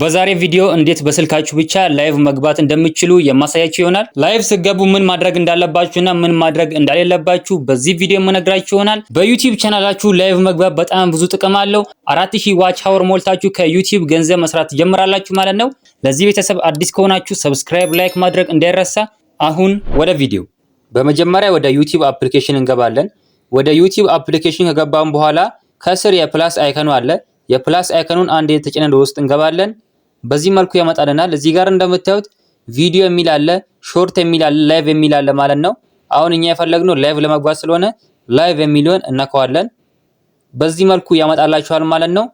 በዛሬ ቪዲዮ እንዴት በስልካችሁ ብቻ ላይቭ መግባት እንደምትችሉ የማሳያችሁ ይሆናል። ላይቭ ስገቡ ምን ማድረግ እንዳለባችሁና ምን ማድረግ እንደሌለባችሁ በዚህ ቪዲዮ የምነግራችሁ ይሆናል። በዩቲዩብ ቻናላችሁ ላይቭ መግባት በጣም ብዙ ጥቅም አለው። አራት ሺህ ዋች አወር ሞልታችሁ ከዩቲዩብ ገንዘብ መስራት ትጀምራላችሁ ማለት ነው። ለዚህ ቤተሰብ አዲስ ከሆናችሁ ሰብስክራይብ፣ ላይክ ማድረግ እንዳይረሳ። አሁን ወደ ቪዲዮ። በመጀመሪያ ወደ ዩቲዩብ አፕሊኬሽን እንገባለን። ወደ ዩቲዩብ አፕሊኬሽን ከገባም በኋላ ከስር የፕላስ አይከኑ አለ የፕላስ አይከኑን አንድ የተጭነን ውስጥ እንገባለን። በዚህ መልኩ ያመጣልናል። እዚህ ጋር እንደምታዩት ቪዲዮ የሚል አለ፣ ሾርት የሚል አለ፣ ላይቭ የሚል አለ ማለት ነው። አሁን እኛ የፈለግነው ላይቭ ለመግባት ስለሆነ ላይቭ የሚለውን እናከዋለን። በዚህ መልኩ ያመጣላችኋል ማለት ነው።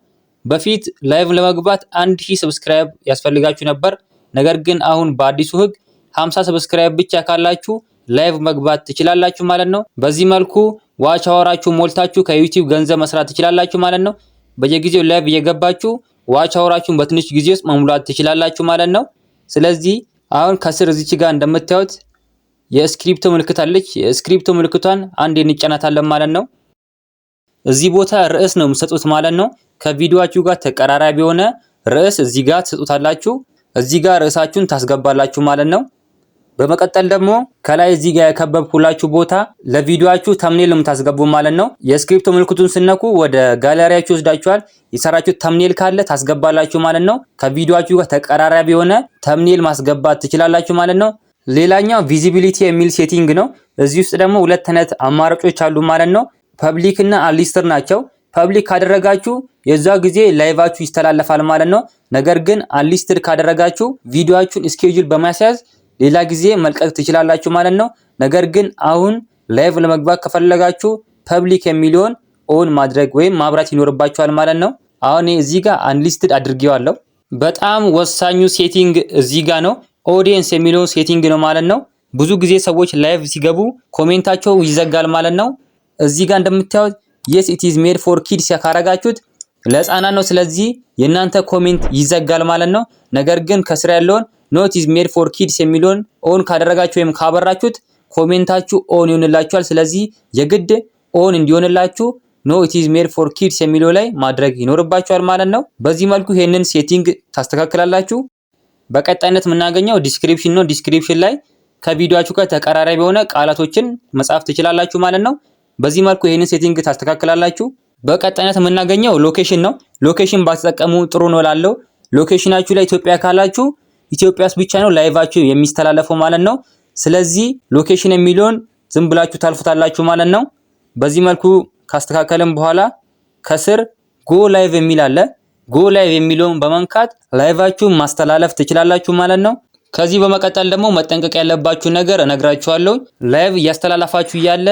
በፊት ላይቭ ለመግባት አንድ ሺህ ሰብስክራይብ ያስፈልጋችሁ ነበር። ነገር ግን አሁን በአዲሱ ህግ 50 ሰብስክራይብ ብቻ ካላችሁ ላይቭ መግባት ትችላላችሁ ማለት ነው። በዚህ መልኩ ዋች አወራችሁ ሞልታችሁ ከዩቲዩብ ገንዘብ መስራት ትችላላችሁ ማለት ነው። በየጊዜው ላይቭ እየገባችሁ ዋች አወራችሁን በትንሽ ጊዜ ውስጥ መሙላት ትችላላችሁ ማለት ነው። ስለዚህ አሁን ከስር እዚች ጋር እንደምታዩት የስክሪፕቶ ምልክት አለች። የስክሪፕቶ ምልክቷን አንዴ እንጫናታለን ማለት ነው። እዚህ ቦታ ርዕስ ነው የምሰጡት ማለት ነው። ከቪዲዮአችሁ ጋር ተቀራራቢ የሆነ ርዕስ እዚህ ጋር ትሰጡታላችሁ። እዚህ ጋር ርዕሳችሁን ታስገባላችሁ ማለት ነው። በመቀጠል ደግሞ ከላይ እዚህ ጋር የከበብኩላችሁ ቦታ ለቪዲዮችሁ ተምኔል የምታስገቡ ማለት ነው። የስክሪፕቶ ምልክቱን ስነኩ ወደ ጋለሪያችሁ ወስዳችኋል። የሰራችሁት ተምኔል ካለ ታስገባላችሁ ማለት ነው። ከቪዲዮችሁ ጋር ተቀራራቢ የሆነ ተምኔል ማስገባት ትችላላችሁ ማለት ነው። ሌላኛው ቪዚቢሊቲ የሚል ሴቲንግ ነው። እዚህ ውስጥ ደግሞ ሁለት አይነት አማራጮች አሉ ማለት ነው። ፐብሊክ እና አሊስትር ናቸው። ፐብሊክ ካደረጋችሁ የዛ ጊዜ ላይቫችሁ ይስተላለፋል ማለት ነው። ነገር ግን አሊስትር ካደረጋችሁ ቪዲዮችሁን ስኬጁል በማስያዝ ሌላ ጊዜ መልቀቅ ትችላላችሁ ማለት ነው። ነገር ግን አሁን ላይቭ ለመግባት ከፈለጋችሁ ፐብሊክ የሚለውን ኦን ማድረግ ወይም ማብራት ይኖርባችኋል ማለት ነው። አሁን እዚህ ጋር አንሊስትድ አድርጌዋለሁ። በጣም ወሳኙ ሴቲንግ እዚህ ጋር ነው። ኦዲየንስ የሚለውን ሴቲንግ ነው ማለት ነው። ብዙ ጊዜ ሰዎች ላይቭ ሲገቡ ኮሜንታቸው ይዘጋል ማለት ነው። እዚህ ጋር እንደምታዩት የስ ኢት ኢዝ ሜድ ፎር ኪድስ ካረጋችሁት ለህፃናት ነው። ስለዚህ የእናንተ ኮሜንት ይዘጋል ማለት ነው። ነገር ግን ከስራ ያለውን ኖት ኢዝ ሜድ ፎር ኪድስ የሚለውን ኦን ካደረጋችሁ ወይም ካበራችሁት ኮሜንታችሁ ኦን ይሆንላችኋል። ስለዚህ የግድ ኦን እንዲሆንላችሁ ኖ ኢት ኢዝ ሜድ ፎር ኪድስ የሚለው ላይ ማድረግ ይኖርባችኋል ማለት ነው። በዚህ መልኩ ይሄንን ሴቲንግ ታስተካክላላችሁ። በቀጣይነት የምናገኘው ዲስክሪፕሽን ነው። ዲስክሪፕሽን ላይ ከቪዲዮአችሁ ጋር ተቀራራቢ የሆነ ቃላቶችን መጻፍ ትችላላችሁ ማለት ነው። በዚህ መልኩ ይሄንን ሴቲንግ ታስተካክላላችሁ። በቀጣይነት የምናገኘው ሎኬሽን ነው። ሎኬሽን ባትጠቀሙ ጥሩ ነው ላለው ሎኬሽናችሁ ላይ ኢትዮጵያ ካላችሁ ኢትዮጵያ ውስጥ ብቻ ነው ላይቫችሁ የሚስተላለፈው ማለት ነው። ስለዚህ ሎኬሽን የሚለውን ዝም ብላችሁ ታልፉታላችሁ ማለት ነው። በዚህ መልኩ ካስተካከልን በኋላ ከስር ጎ ላይቭ የሚል አለ። ጎ ላይቭ የሚለውን በመንካት ላይቫችሁን ማስተላለፍ ትችላላችሁ ማለት ነው። ከዚህ በመቀጠል ደግሞ መጠንቀቅ ያለባችሁ ነገር እነግራችኋለሁ። ላይቭ እያስተላለፋችሁ እያለ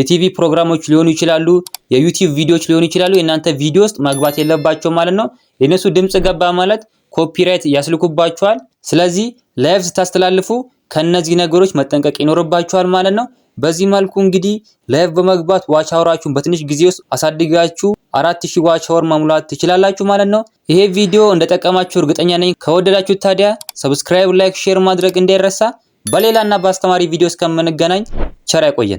የቲቪ ፕሮግራሞች ሊሆኑ ይችላሉ፣ የዩቲዩብ ቪዲዮዎች ሊሆኑ ይችላሉ። የእናንተ ቪዲዮ ውስጥ መግባት የለባቸው ማለት ነው። የእነሱ ድምፅ ገባ ማለት ኮፒራይት ያስልኩባቸዋል። ስለዚህ ላይቭ ስታስተላልፉ ከነዚህ ነገሮች መጠንቀቅ ይኖርባቸዋል ማለት ነው። በዚህ መልኩ እንግዲህ ላይቭ በመግባት ዋች አወራችሁን በትንሽ ጊዜ ውስጥ አሳድጋችሁ አራት ሺህ ዋች አወር መሙላት ትችላላችሁ ማለት ነው። ይሄ ቪዲዮ እንደጠቀማችሁ እርግጠኛ ነኝ። ከወደዳችሁት ታዲያ ሰብስክራይብ፣ ላይክ፣ ሼር ማድረግ እንዳይረሳ። በሌላና በአስተማሪ ቪዲዮ እስከምንገናኝ ቸር አይቆየን።